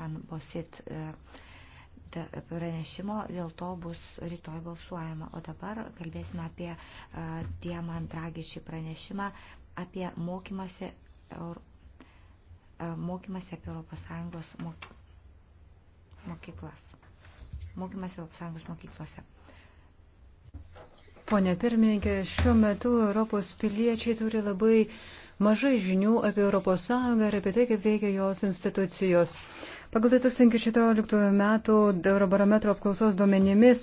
Van Bosit e, pranešimo, dėl to bus rytoj balsuojama. O dabar kalbėsime apie e, Diamant Dragišį pranešimą, apie mokymasi, e, mokymasi apie ES mokyklas. Mokymasi ES mokyklose. Pone pirmininkė, šiuo metu Europos piliečiai turi labai mažai žinių apie ES ir apie tai, kaip veikia jos institucijos. Pagal 2014 metų Eurobarometro apklausos duomenimis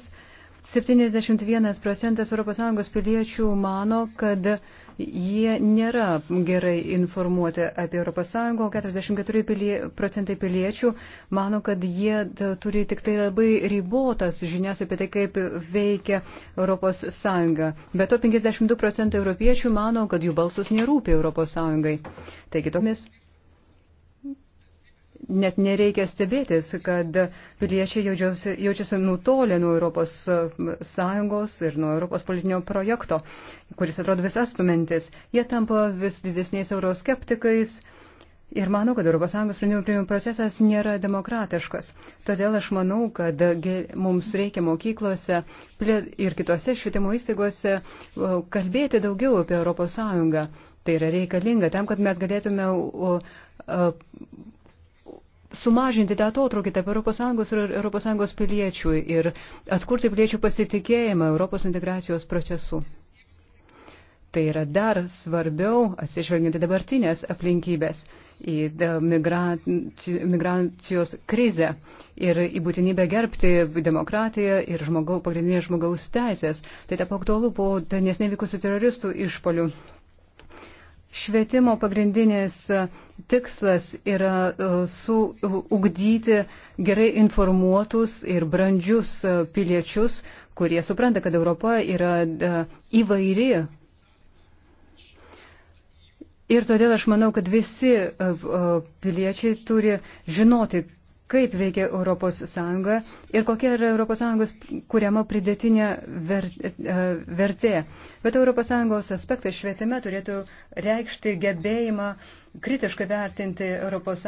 71 procentas ES piliečių mano, kad jie nėra gerai informuoti apie ES, o 44 pilie, procentai piliečių mano, kad jie turi tik tai labai ribotas žinias apie tai, kaip veikia ES. Be to 52 procentai europiečių mano, kad jų balsas nerūpi ES. Taigi tomis net nereikia stebėtis, kad piliečiai jaučiasi, jaučiasi nutolę nuo Europos Sąjungos ir nuo Europos politinio projekto, kuris atrodo vis atstumintis. Jie tampa vis didesniais euroskeptikais. Ir manau, kad ES sprendimų priimimo procesas nėra demokratiškas. Todėl aš manau, kad mums reikia mokyklose ir kitose švietimo įstaigose kalbėti daugiau apie ES. Tai yra reikalinga tam, kad mes galėtume sumažinti tą atotrukį tarp ES ir ES piliečių ir atkurti piliečių pasitikėjimą Europos integracijos procesu. Tai yra dar svarbiau atsižvelginti dabartinės aplinkybės į e, migracijos krizę ir į būtinybę gerbti demokratiją ir žmogau, pagrindinės žmogaus teisės. Tai tapo aktualu po nesnevykusių teroristų išpolių Švietimo pagrindinis e, tikslas yra e, suugdyti gerai informuotus ir brandžius e, piliečius, kurie supranta, kad Europa yra įvairi. Ir todėl aš manau, kad visi piliečiai turi žinoti, kaip veikia ES ir kokia yra ES kuriama pridėtinė e, vertė. Bet ES aspektas švietime turėtų reikšti gebėjimą kritiškai vertinti ES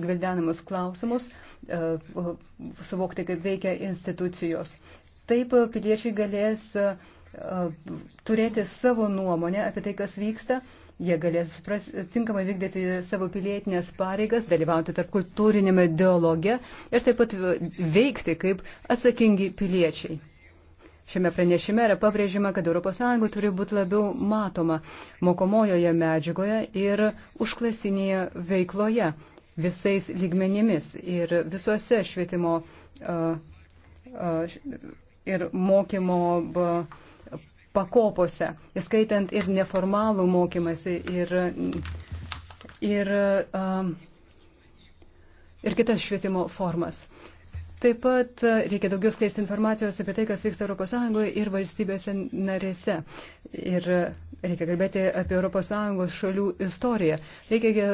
gvildenamus klausimus, e, suvokti, kaip veikia institucijos. Taip piliečiai galės e, turėti savo nuomonę apie tai, kas vyksta Jie galės supras, tinkamai vykdyti savo pilietinės pareigas, dalyvauti tarp kultūrinėme dialoge ir taip pat veikti kaip atsakingi piliečiai. Šiame pranešime yra pabrėžima, kad ES turi būti labiau matoma mokomojoje medžiagoje ir užklasinėje veikloje visais lygmenimis ir visuose švietimo uh, uh, ir mokymo. Uh, pakopose, įskaitant ir neformalų mokymasi ir, ir, um, ir kitas švietimo formas. Taip pat uh, reikia daugiau skleisti informacijos apie tai, kas vyksta ES ir valstybėse narėse. Ir uh, reikia kalbėti apie ES šalių istoriją. Reikia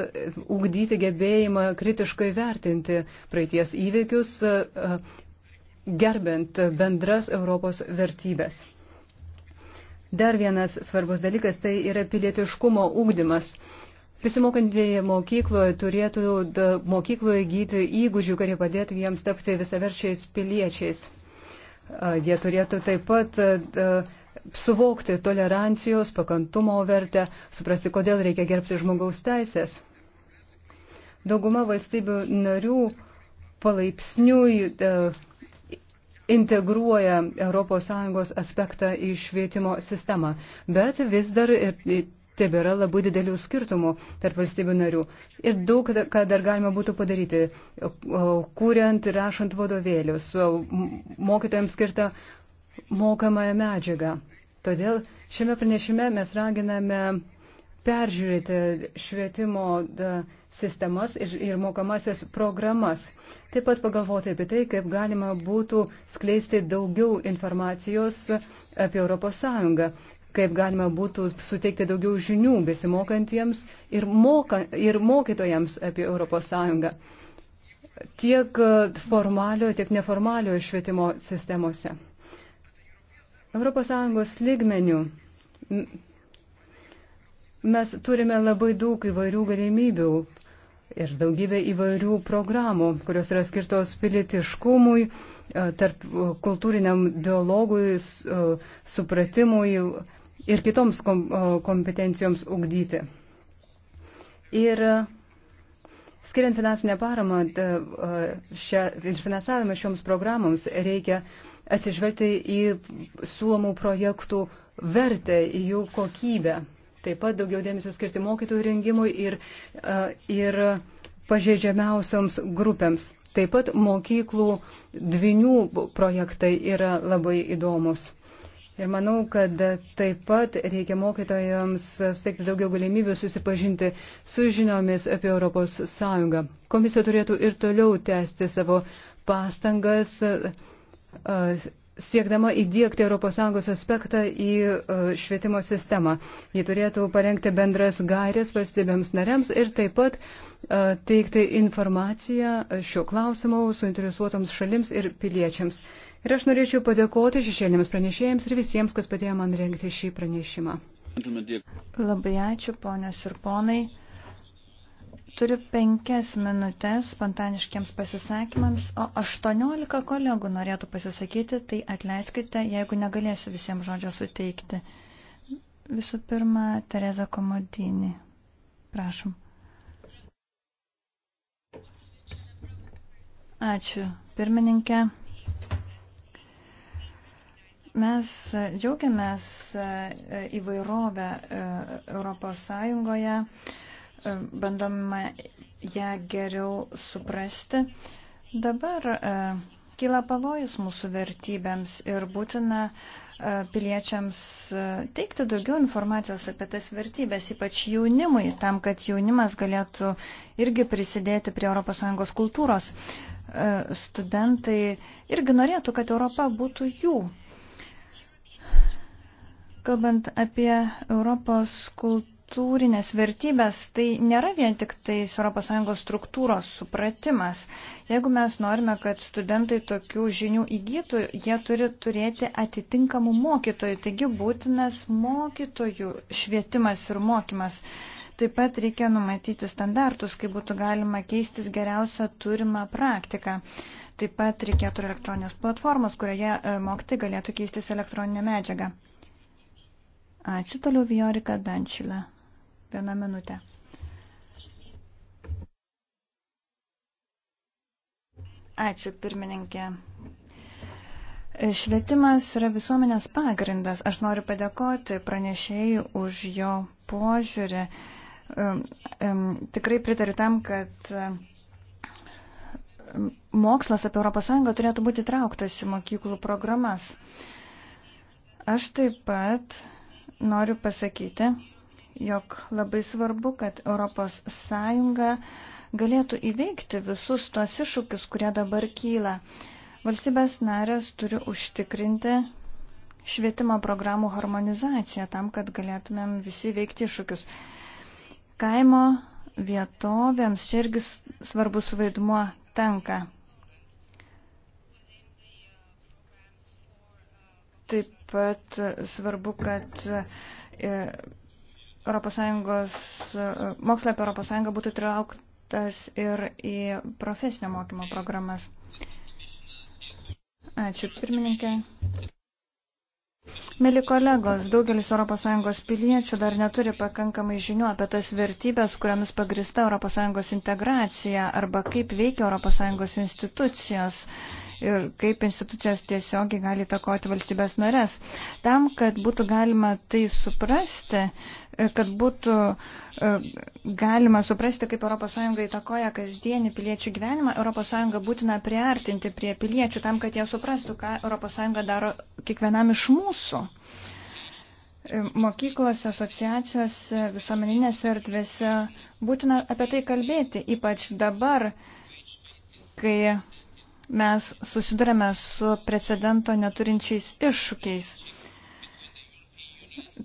ugdyti gebėjimą kritiškai vertinti praeities įvykius, uh, gerbent bendras Europos vertybės. Dar vienas svarbus dalykas tai yra pilietiškumo ugdymas. Prisimokantieji mokykloje turėtų mokykloje gyti įgūdžių, kurie padėtų jiems tapti visaverčiais piliečiais. Jie turėtų taip pat suvokti tolerancijos, pakantumo vertę, suprasti, kodėl reikia gerbti žmogaus teisės. Dauguma valstybių narių palaipsniui integruoja ES aspektą į švietimo sistemą, bet vis dar ir tebėra labai didelių skirtumų tarp valstybių narių. Ir daug ką dar galima būtų padaryti, kuriant ir rašant vadovėlius, mokytojams skirtą mokamąją medžiagą. Todėl šiame pranešime mes raginame peržiūrėti švietimo da, sistemas ir, ir mokamasias programas. Taip pat pagalvoti apie tai, kaip galima būtų skleisti daugiau informacijos apie ES, kaip galima būtų suteikti daugiau žinių besimokantiems ir, moka, ir mokytojams apie ES tiek formaliojo, tiek neformaliojo švietimo sistemose. ES lygmenių mes turime labai daug įvairių galimybių ir daugybė įvairių programų, kurios yra skirtos pilietiškumui, e, tarp e, kultūriniam dialogui, e, supratimui ir kitoms kompetencijoms ugdyti. Ir skiriant finansinę paramą šia, ir finansavimą šioms programoms reikia atsižvelgti į siūlomų projektų vertę, į jų kokybę. Taip pat daugiau dėmesio skirti mokytojų rengimui ir, ir pažeidžiamiausioms grupėms. Taip pat mokyklų dvinių projektai yra labai įdomus. Ir manau, kad taip pat reikia mokytojams steigti daugiau galimybių susipažinti su žiniomis apie Europos Sąjungą. Komisija turėtų ir toliau tęsti savo pastangas siekdama įdėkti ES aspektą į e, švietimo sistemą. Ji turėtų parengti bendras gairės valstybėms nariams ir taip pat e, teikti informaciją šiuo klausimu suinteresuotoms šalims ir piliečiams. Ir aš norėčiau padėkoti šešėlėms pranešėjams ir visiems, kas padėjo man rengti šį pranešimą. Labai ačiū, ponės ir ponai. Turiu penkias minutės spontaniškiams pasisakymams, o 18 kolegų norėtų pasisakyti, tai atleiskite, jeigu negalėsiu visiems žodžio suteikti. Visų pirma, Tereza Komodinį. Prašom. Ačiū, pirmininkė. Mes džiaugiamės e, įvairovę e, Europos Sąjungoje bandome ją geriau suprasti. Dabar e, kyla pavojus mūsų vertybėms ir būtina e, piliečiams e, teikti daugiau informacijos apie tas vertybės, ypač jaunimui, tam, kad jaunimas galėtų irgi prisidėti prie ES kultūros. Studentai irgi norėtų, kad Europa būtų jų. Kalbant apie Europos kultūrą, kultūrinės vertybės tai nėra vien tik tais ES struktūros supratimas. Jeigu mes norime, kad studentai tokių žinių įgytų, jie turi turėti atitinkamų mokytojų, taigi būtinas mokytojų švietimas ir mokymas. Taip pat reikia numatyti standartus, kaip būtų galima keistis geriausią turimą praktiką. Taip pat reikėtų elektroninės platformos, kurioje e, mokti galėtų keistis elektroninę medžiagą. Ačiū toliau Viorika Dančilė. Vieną minutę. Ačiū, pirmininkė. Švietimas yra visuomenės pagrindas. Aš noriu padėkoti pranešėjai už jo požiūrį. Tikrai pritariu tam, kad mokslas apie ES turėtų būti trauktas į mokyklų programas. Aš taip pat noriu pasakyti, jog labai svarbu, kad ES galėtų įveikti visus tuos iššūkius, kurie dabar kyla. Valstybės narės turi užtikrinti švietimo programų harmonizaciją tam, kad galėtumėm visi veikti iššūkius. Kaimo vietovėms čia irgi svarbus vaidmuo tenka. Taip pat svarbu, kad e, ES, e, mokslai apie ES būtų trauktas ir į profesinio mokymo programas. Ačiū, pirmininkė. Mėly kolegos, daugelis ES piliečių dar neturi pakankamai žinių apie tas vertybės, kuriamis pagrista ES integracija arba kaip veikia ES institucijos ir kaip institucijos tiesiogiai gali takoti valstybės narės. Tam, kad būtų galima tai suprasti, kad būtų e, galima suprasti, kaip ES įtakoja kasdienį piliečių gyvenimą, ES būtina priartinti prie piliečių tam, kad jie suprastų, ką ES daro kiekvienam iš mūsų. E, mokyklose, asociacijose, visuomeninėse erdvėse būtina apie tai kalbėti, ypač dabar, kai mes susidurėme su precedento neturinčiais iššūkiais.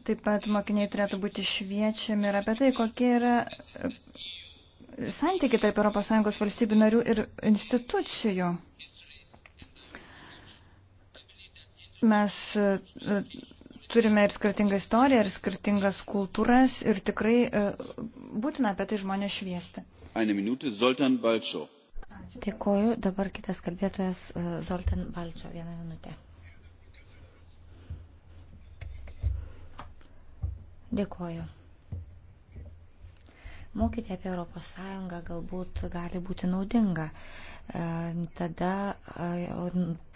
Taip pat mokiniai turėtų būti šviečiami ir apie tai, kokie yra e, santykiai tarp ES valstybių narių ir institucijų. Mes e, e, turime ir skirtingą istoriją, ir skirtingas kultūras, ir tikrai būtina apie tai žmonės šviesti. Dėkoju, dabar kitas kalbėtojas Zoltan Balčio, vieną minutę. Dėkoju. Mokyti apie Europos Sąjungą galbūt gali būti naudinga e, tada e,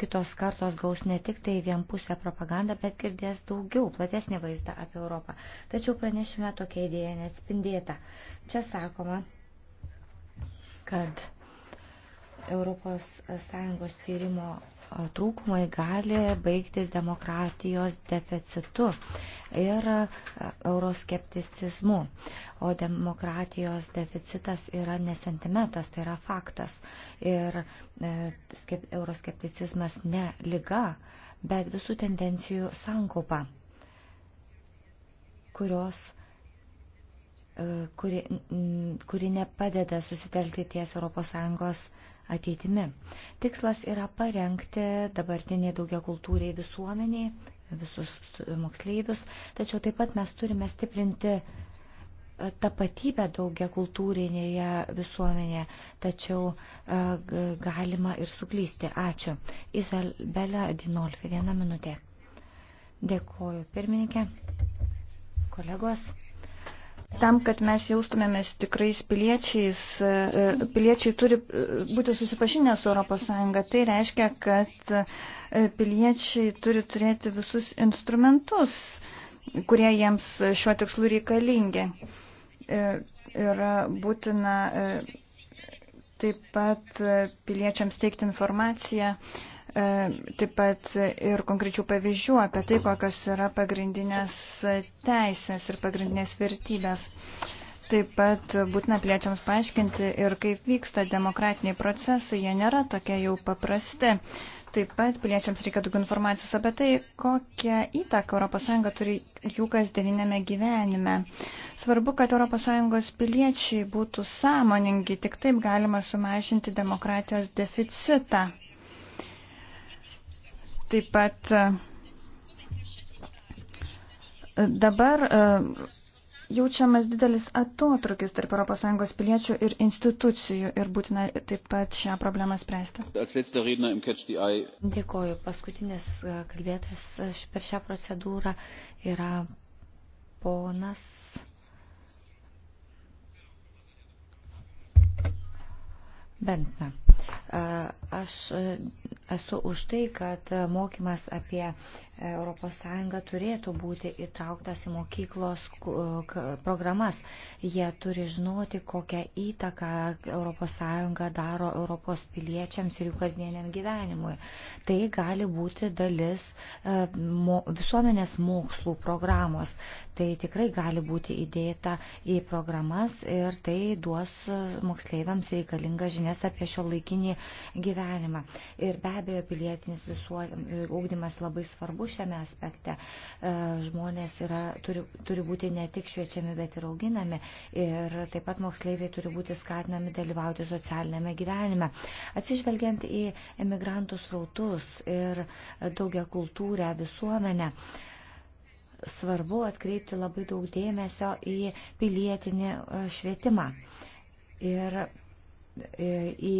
kitos kartos gaus ne tik tai vienpusę propagandą, bet girdės daugiau, platesnį vaizdą apie Europą. Tačiau pranešime tokia idėja neatspindėta. Čia sakoma, kad Europos Sąjungos tyrimo trūkumai gali baigtis demokratijos deficitu ir e, euroskepticizmu. O demokratijos deficitas yra nesentimetas, tai yra faktas. Ir e, euroskepticizmas ne lyga, bet visų tendencijų sankopa, kurios E, kuri, kuri nepadeda susitelkti ties ES ateitimi. Tikslas yra parengti dabartiniai daugiakultūriai visuomeniai, visus moksleivius, tačiau taip pat mes turime stiprinti e, tapatybę daugiakultūrinėje visuomenėje, tačiau e, galima ir suklysti. Ačiū. Izabelė Dinolfi, vieną minutę. Dėkoju, pirmininkė, kolegos. Tam, kad mes jaustumėmės tikrais piliečiais, e, piliečiai turi e, būti susipažinę su ES. Tai reiškia, kad e, piliečiai turi turėti visus instrumentus, kurie jiems šiuo tikslu reikalingi. Yra būtina taip pat piliečiams teikti informaciją E, taip pat ir konkrečių pavyzdžių apie tai, kokios yra pagrindinės teisės ir pagrindinės vertybės. Taip pat būtina pliečiams paaiškinti ir kaip vyksta demokratiniai procesai, jie nėra tokie jau paprasti. Taip pat piliečiams reikia daugiau informacijos apie tai, kokią įtaką ES turi jų kasdieninėme gyvenime. Svarbu, kad ES piliečiai būtų sąmoningi, tik taip galima sumažinti demokratijos deficitą. Taip pat e, dabar e, jaučiamas didelis atotrukis tarp ES piliečių ir institucijų ir būtina taip pat šią problemą spręsti. Dėkoju. Paskutinis e, kalbėtojas per šią procedūrą yra ponas. Bentna. Aš Esu už tai, kad mokymas apie ES turėtų būti įtrauktas į mokyklos programas. Jie turi žinoti, kokią įtaką ES daro Europos piliečiams ir jų kasdieniam gyvenimui. Tai gali būti dalis e, visuomenės mokslų programos. Tai tikrai gali būti įdėta į programas ir tai duos moksleiviams reikalingas žinias apie šio laikinį gyvenimą. Ir be abejo, pilietinis visuotinis ūkdymas labai svarbu šiame aspekte. E, žmonės yra, turi, turi būti ne tik šviečiami, bet ir auginami. Ir taip pat moksleiviai turi būti skatinami dalyvauti socialinėme gyvenime. Atsižvelgiant į emigrantų srautus ir daugia kultūrę visuomenę svarbu atkreipti labai daug dėmesio į pilietinį e, švietimą. Ir į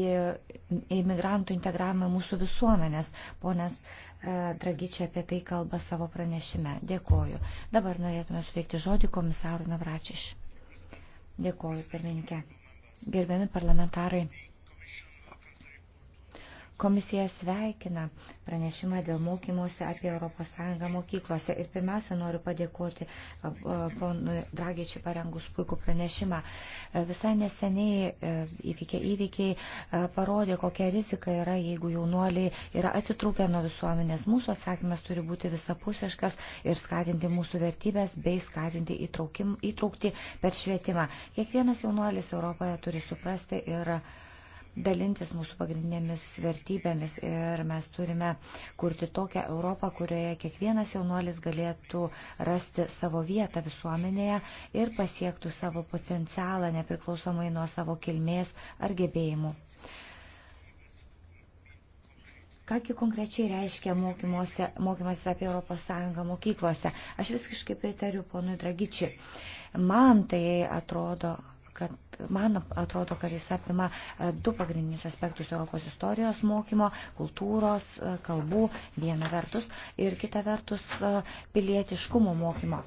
imigrantų integravimą mūsų visuomenės. Ponas e, Dragičia apie tai kalba savo pranešime. Dėkoju. Dabar norėtume suteikti žodį komisarų Navračiš. Dėkoju, pirmininkė. Gerbiami parlamentarai. Komisija sveikina pranešimą dėl mokymosi apie ES mokyklose. Ir pirmiausia, noriu padėkoti ponui Dragičiui parengus puikų pranešimą. Visai neseniai e, įvykiai, įvykiai parodė, kokia rizika yra, jeigu jaunuoliai yra atitrūkę nuo visuomenės. Mūsų atsakymas turi būti visapusiškas ir skatinti mūsų vertybės bei skatinti įtraukti per švietimą. Kiekvienas jaunuolis Europoje turi suprasti ir dalintis mūsų pagrindinėmis vertybėmis ir mes turime kurti tokią Europą, kurioje kiekvienas jaunuolis galėtų rasti savo vietą visuomenėje ir pasiektų savo potencialą nepriklausomai nuo savo kilmės ar gebėjimų. Kągi konkrečiai reiškia mokymasis apie ES mokyklose? Aš visiškai pritariu ponui Dragičiui. Man tai atrodo kad man atrodo, kad jis apima e, du pagrindinius aspektus Europos istorijos mokymo, kultūros, e, kalbų, viena vertus, ir kita vertus e, pilietiškumo mokymo.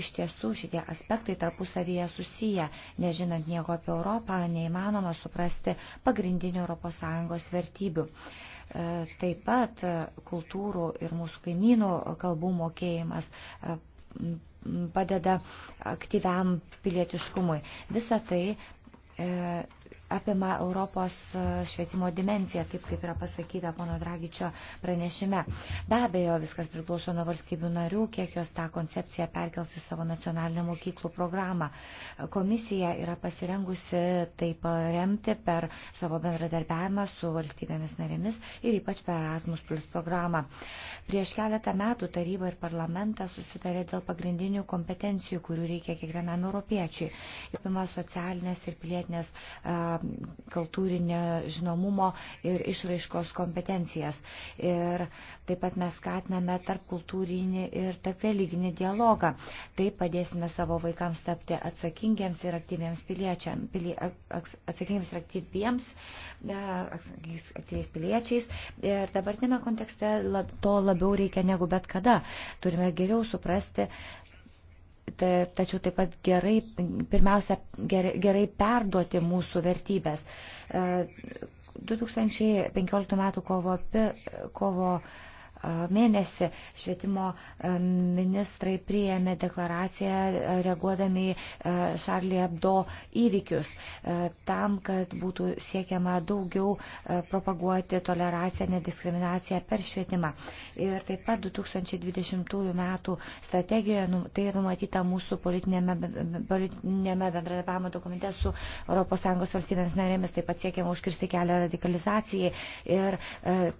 Iš tiesų šitie aspektai tarpusavyje susiję, nežinant nieko apie Europą, neįmanoma suprasti pagrindinių ES vertybių. Taip pat kultūrų ir mūsų kaimynų kalbų mokėjimas padeda aktyviam pilietiškumui. Visa tai e, apima Europos e, švietimo dimenciją, taip kaip yra pasakyta pono Dragičio pranešime. Be abejo, viskas priklauso nuo valstybių narių, kiek jos tą koncepciją perkels į savo nacionalinę mokyklų programą. Komisija yra pasirengusi tai paremti per savo bendradarbiavimą su valstybėmis narėmis ir ypač per Erasmus Plus programą. Prieš keletą metų taryba ir parlamentas susitarė dėl pagrindinių kompetencijų, kurių reikia kiekvienam europiečiui. Apima socialinės ir pilietinės uh, kultūrinio žinomumo ir išraiškos kompetencijas. Ir taip pat mes skatiname tarp kultūrinį ir tarp religinį dialogą. Taip padėsime savo vaikams tapti atsakingiems ir aktyviems piliečiams, pilie, atsakingiems ir aktyviems, e, aktyviais piliečiais. Ir dabartinėme kontekste to labiau reikia negu bet kada. Turime geriau suprasti, tačiau taip pat gerai, pirmiausia, gerai, gerai perduoti mūsų vertybės. 2015 e, m. kovo, kovo mėnesį švietimo e, ministrai priėmė deklaraciją e, reaguodami e, Šarlį Abdo įvykius tam, kad būtų siekiama daugiau propaguoti toleraciją, nediskriminaciją per švietimą. Ir taip pat 2020 metų strategijoje nu, tai numatyta mūsų politinėme, politinėme bendradarbiavimo dokumente su ES valstybėms narėmis, taip pat siekiama užkirsti kelią radikalizacijai ir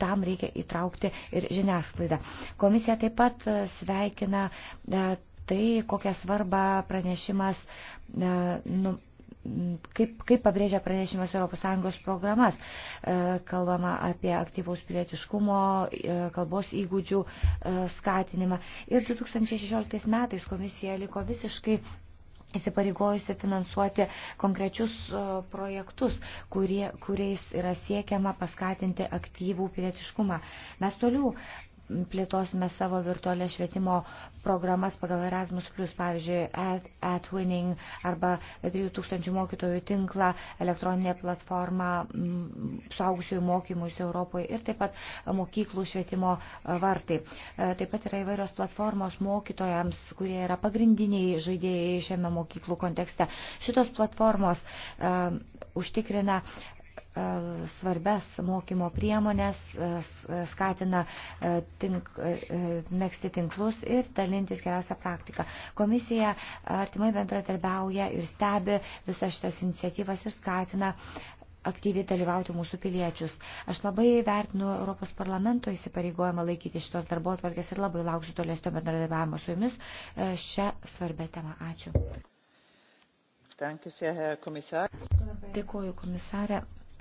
tam reikia įtraukti ir žiniasklaidą žiniasklaidą. Komisija taip pat e, sveikina e, tai, kokią svarbą pranešimas. E, nu, Kaip, kaip pabrėžia pranešimas ES programas, kalbama apie aktyvaus pilietiškumo, kalbos įgūdžių skatinimą. Ir 2016 metais komisija liko visiškai įsipareigojusi finansuoti konkrečius e, projektus, kurie, kuriais yra siekiama paskatinti aktyvų pilietiškumą. Mes toliau plėtosime savo virtualią švietimo programas pagal Erasmus, pavyzdžiui, AdWinning at arba 3000 mokytojų tinklą, elektroninę platformą mm, suaugusiųjų mokymus Europoje ir taip pat mokyklų švietimo vartai. E, taip pat yra įvairios platformos mokytojams, kurie yra pagrindiniai žaidėjai šiame mokyklų kontekste. Šitos platformos uh, užtikrina E, svarbes mokymo priemonės, e, e, skatina tink, mėgsti tinklus ir dalintis geriausią praktiką. Komisija artimai bendradarbiauja ir stebi visas šitas iniciatyvas ir skatina aktyviai dalyvauti mūsų piliečius. Aš labai vertinu Europos parlamento įsipareigojimą laikyti šitos darbo atvarkės ir labai lauksiu tolesnio bendradarbiavimo su jumis šią svarbę temą. Ačiū. Dėkuoju komisarė.